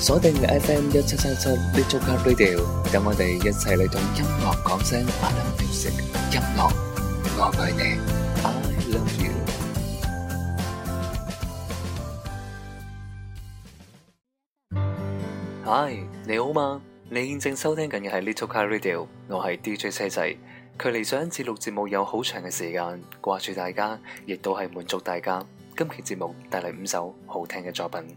鎖定 F M 一七七七 Little Car Radio，等我哋一齊嚟同音樂講聲 I love music。音樂，我愛你，I love you。Hi，你好嗎？你現正收聽緊嘅係 Little Car Radio，我係 DJ 車仔。距離上一次錄節目有好長嘅時間，掛住大家，亦都係滿足大家。今期節目帶嚟五首好聽嘅作品。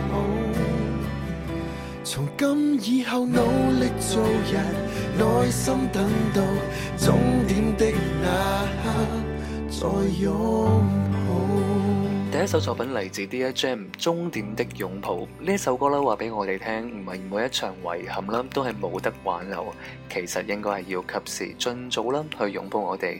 從今以後努力做人，耐心等到終點的那刻再擁抱。第一首作品嚟自 DJ Jam，《終點的擁抱》呢首歌啦，話俾我哋聽，唔係每一場遺憾啦，都係冇得挽留，其實應該係要及時、盡早啦去擁抱我哋。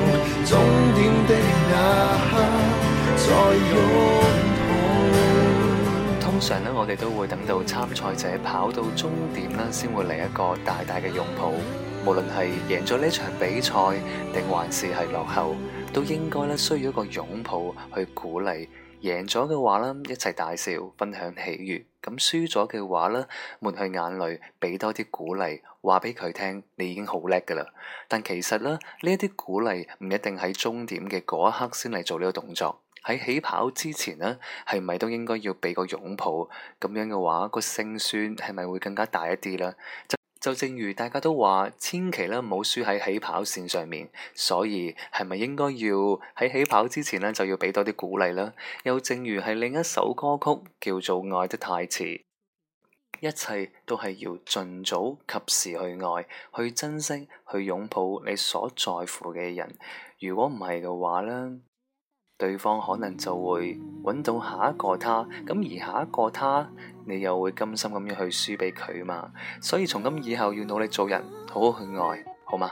通常呢，我哋都會等到參賽者跑到終點呢，先會嚟一個大大嘅擁抱。無論係贏咗呢場比賽，定還是係落後，都應該呢需要一個擁抱去鼓勵。贏咗嘅話呢一齊大笑，分享喜悅；咁輸咗嘅話呢抹去眼淚，俾多啲鼓勵。話畀佢聽，你已經好叻噶啦。但其實咧，呢一啲鼓勵唔一定喺終點嘅嗰一刻先嚟做呢個動作。喺起跑之前呢，係咪都應該要畀個擁抱？咁樣嘅話，個勝算係咪會更加大一啲咧？就正如大家都話，千祈咧唔好輸喺起跑綫上面。所以係咪應該要喺起跑之前咧，就要畀多啲鼓勵咧？又正如係另一首歌曲叫做《愛得太遲》。一切都係要盡早及時去愛，去珍惜，去擁抱你所在乎嘅人。如果唔係嘅話咧，對方可能就會揾到下一個他。咁而下一個他，你又會甘心咁樣去輸畀佢嘛？所以從今以後要努力做人，好好去愛，好嗎？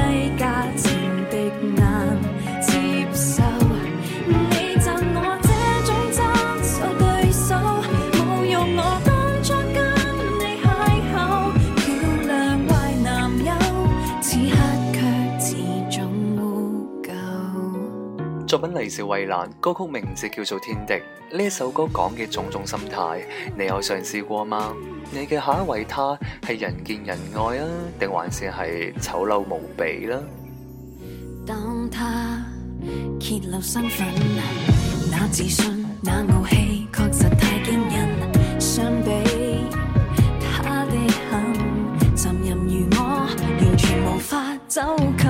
本嚟是衛蘭，歌曲名字叫做《天敵》，呢一首歌講嘅種種心態，你有嘗試過嗎？你嘅下一位他係人見人愛啊，定還是係醜陋無比呢，啊？當他揭露身份，那自信、那傲氣，確實太驚人。相比他的狠，浸淫如我，完全無法走近。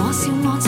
我笑我。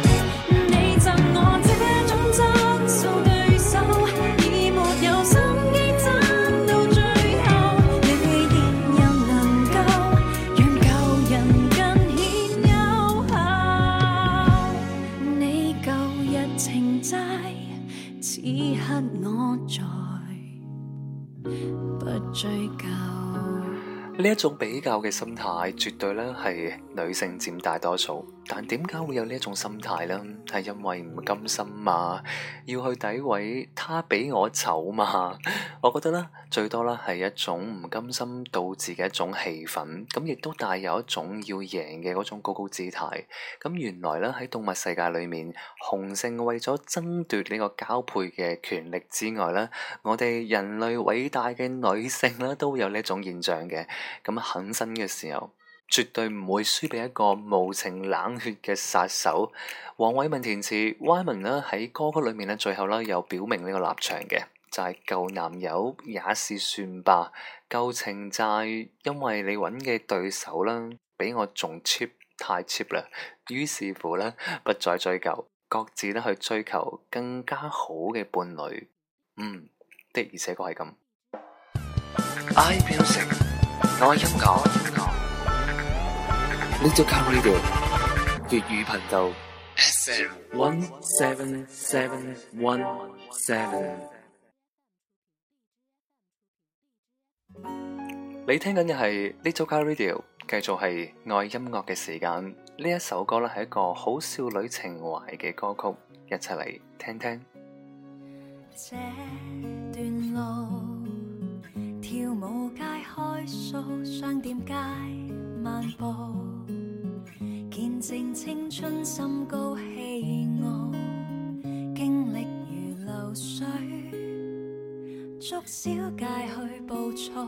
呢一種比較嘅心態，絕對咧係女性佔大多數。但點解會有呢一種心態咧？係因為唔甘心嘛，要去詆毀他比我醜嘛。我覺得咧，最多咧係一種唔甘心導致嘅一種氣憤，咁亦都帶有一種要贏嘅嗰種高高姿態。咁原來咧喺動物世界裏面，雄性為咗爭奪呢個交配嘅權力之外咧，我哋人類偉大嘅女性咧都有呢一種現象嘅。咁狠心嘅時候，絕對唔會輸俾一個無情冷血嘅殺手。黃偉文填詞，黃偉文咧喺歌曲裏面咧最後咧有表明呢個立場嘅。就係舊男友也是算吧，舊情債，因為你揾嘅對手啦，比我仲 cheap 太 cheap 啦，於是乎咧不再追究，各自咧去追求更加好嘅伴侶。嗯，的而且確係咁。I believe 我音樂音樂，Little Car Radio 粵語頻道 one seven seven one seven。你聽緊嘅係呢組卡 Radio，繼續係愛音樂嘅時間。呢一首歌咧係一個好少女情懷嘅歌曲，一齊嚟聽聽。這段路，跳舞街開鎖，商店街漫步，見證青春心高氣傲，經歷如流水，捉小街去暴躁。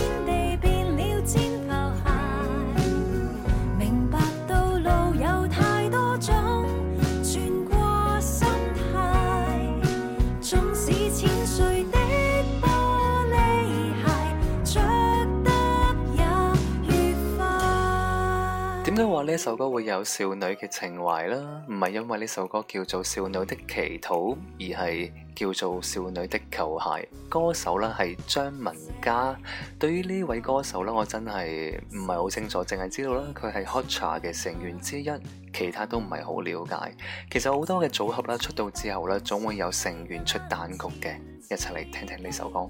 點解話呢首歌會有少女嘅情懷啦？唔係因為呢首歌叫做《少女的祈禱》，而係叫做《少女的球鞋》。歌手呢係張文嘉。對於呢位歌手呢，我真係唔係好清楚，淨係知道啦，佢係 HotCha 嘅成員之一，其他都唔係好了解。其實好多嘅組合啦，出道之後呢，總會有成員出單曲嘅，一齊嚟聽聽呢首歌。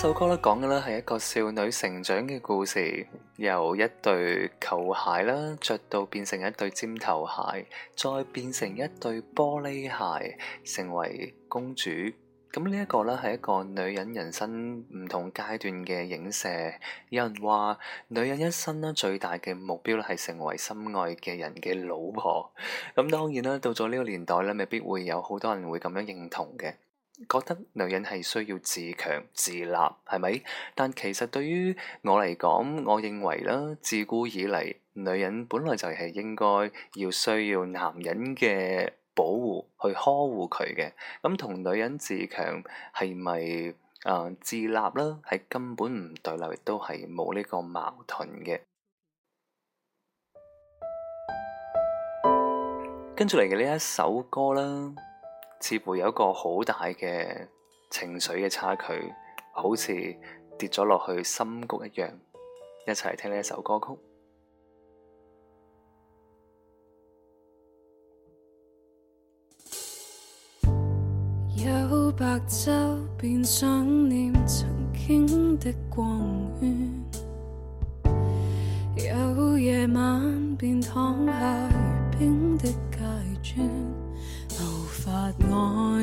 首歌咧講嘅咧係一個少女成長嘅故事，由一對球鞋啦，着到變成一對尖頭鞋，再變成一對玻璃鞋，成為公主。咁呢一個咧係一個女人人生唔同階段嘅影射。有人話女人一生咧最大嘅目標咧係成為心愛嘅人嘅老婆。咁當然啦，到咗呢個年代咧，未必會有好多人會咁樣認同嘅。覺得女人係需要自強自立，係咪？但其實對於我嚟講，我認為啦，自古以來女人本來就係應該要需要男人嘅保護去呵護佢嘅。咁同女人自強係咪誒自立啦？係根本唔對立，亦都係冇呢個矛盾嘅。跟住嚟嘅呢一首歌啦。似乎有一個好大嘅情緒嘅差距，好似跌咗落去深谷一樣。一齊聽呢一首歌曲。有白晝便想念曾經的光圈，有夜晚便躺下如冰的界線，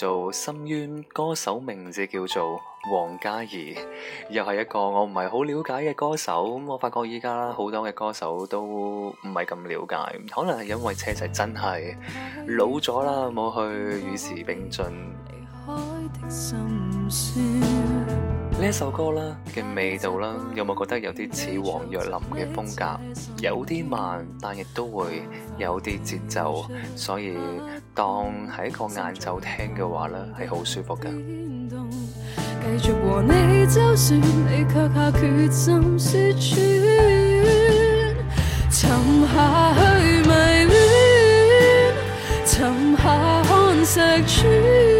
做深淵歌手，名字叫做王嘉怡，又係一個我唔係好了解嘅歌手。咁我發覺依家好多嘅歌手都唔係咁了解，可能係因為車仔真係老咗啦，冇去與時並進。呢首歌啦嘅味道啦，有冇覺得有啲似王若琳嘅風格？有啲慢，但亦都會有啲節奏，所以當喺一個晏晝聽嘅話咧，係好舒服噶。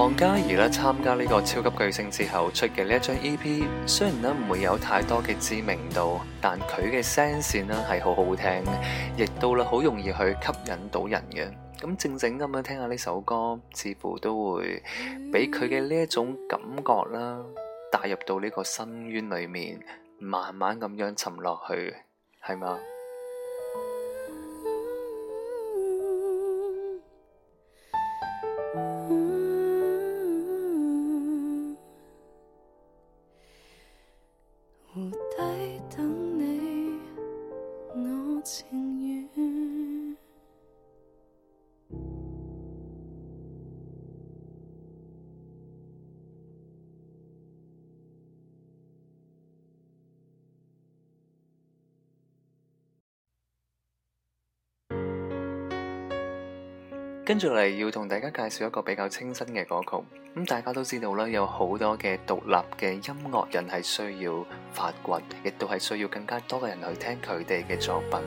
王嘉怡咧，參加呢個超級巨星之後出嘅呢一張 EP，雖然咧唔會有太多嘅知名度，但佢嘅聲線咧係好好聽，亦都啦好容易去吸引到人嘅。咁靜靜咁樣聽下呢首歌，似乎都會俾佢嘅呢一種感覺啦帶入到呢個深淵裏面，慢慢咁樣沉落去，係嘛？跟住嚟要同大家介紹一個比較清新嘅歌曲，咁大家都知道啦，有好多嘅獨立嘅音樂人係需要發掘，亦都係需要更加多嘅人去聽佢哋嘅作品。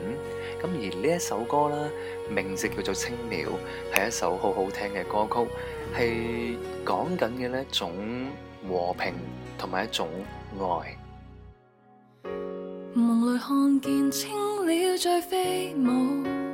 咁而呢一首歌啦，名字叫做《青鳥》，係一首好好聽嘅歌曲，係講緊嘅呢一種和平同埋一種愛。夢裏看見青鳥在飛舞。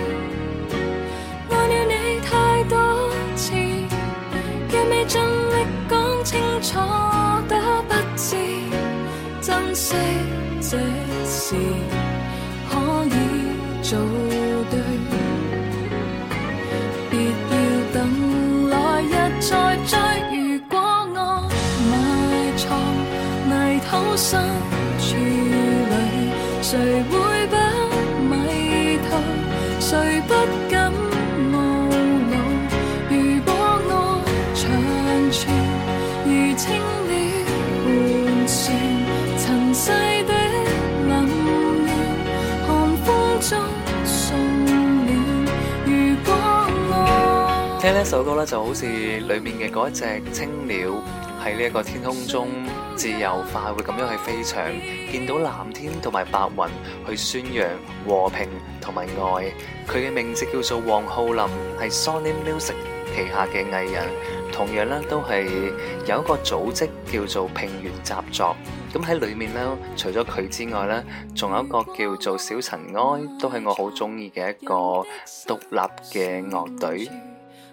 聽呢首歌咧，就好似裏面嘅嗰一隻青鳥喺呢一個天空中自由快活咁樣去飛翔，見到藍天同埋白雲去宣揚和平同埋愛。佢嘅名字叫做王浩林，係 Sony Music 旗下嘅藝人，同樣咧，都係有一個組織叫做平原習作。咁喺裏面咧，除咗佢之外咧，仲有一個叫做小塵埃，都係我好中意嘅一個獨立嘅樂隊。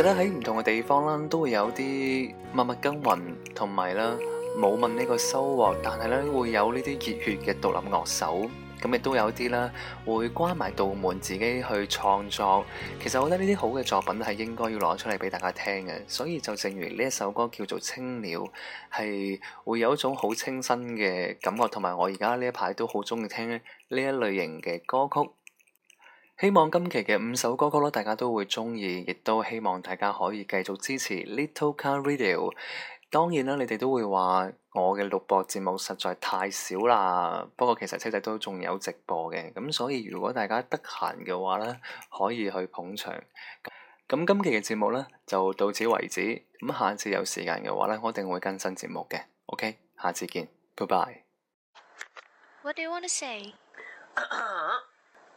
其實喺唔同嘅地方啦，都會有啲默默耕耘，同埋咧冇問呢個收穫，但係咧會有呢啲熱血嘅獨立樂手，咁亦都有啲咧會關埋道門，自己去創作。其實我覺得呢啲好嘅作品係應該要攞出嚟俾大家聽嘅。所以就正如呢一首歌叫做《青鳥》，係會有一種好清新嘅感覺，同埋我而家呢一排都好中意聽呢一類型嘅歌曲。希望今期嘅五首歌曲咯，大家都會鍾意，亦都希望大家可以繼續支持 Little Car Radio。當然啦，你哋都會話我嘅錄播節目實在太少啦。不過其實車仔都仲有直播嘅，咁所以如果大家得閒嘅話咧，可以去捧場。咁今期嘅節目咧就到此為止。咁下一次有時間嘅話咧，我一定會更新節目嘅。OK，下次見，Goodbye。What do you want to say?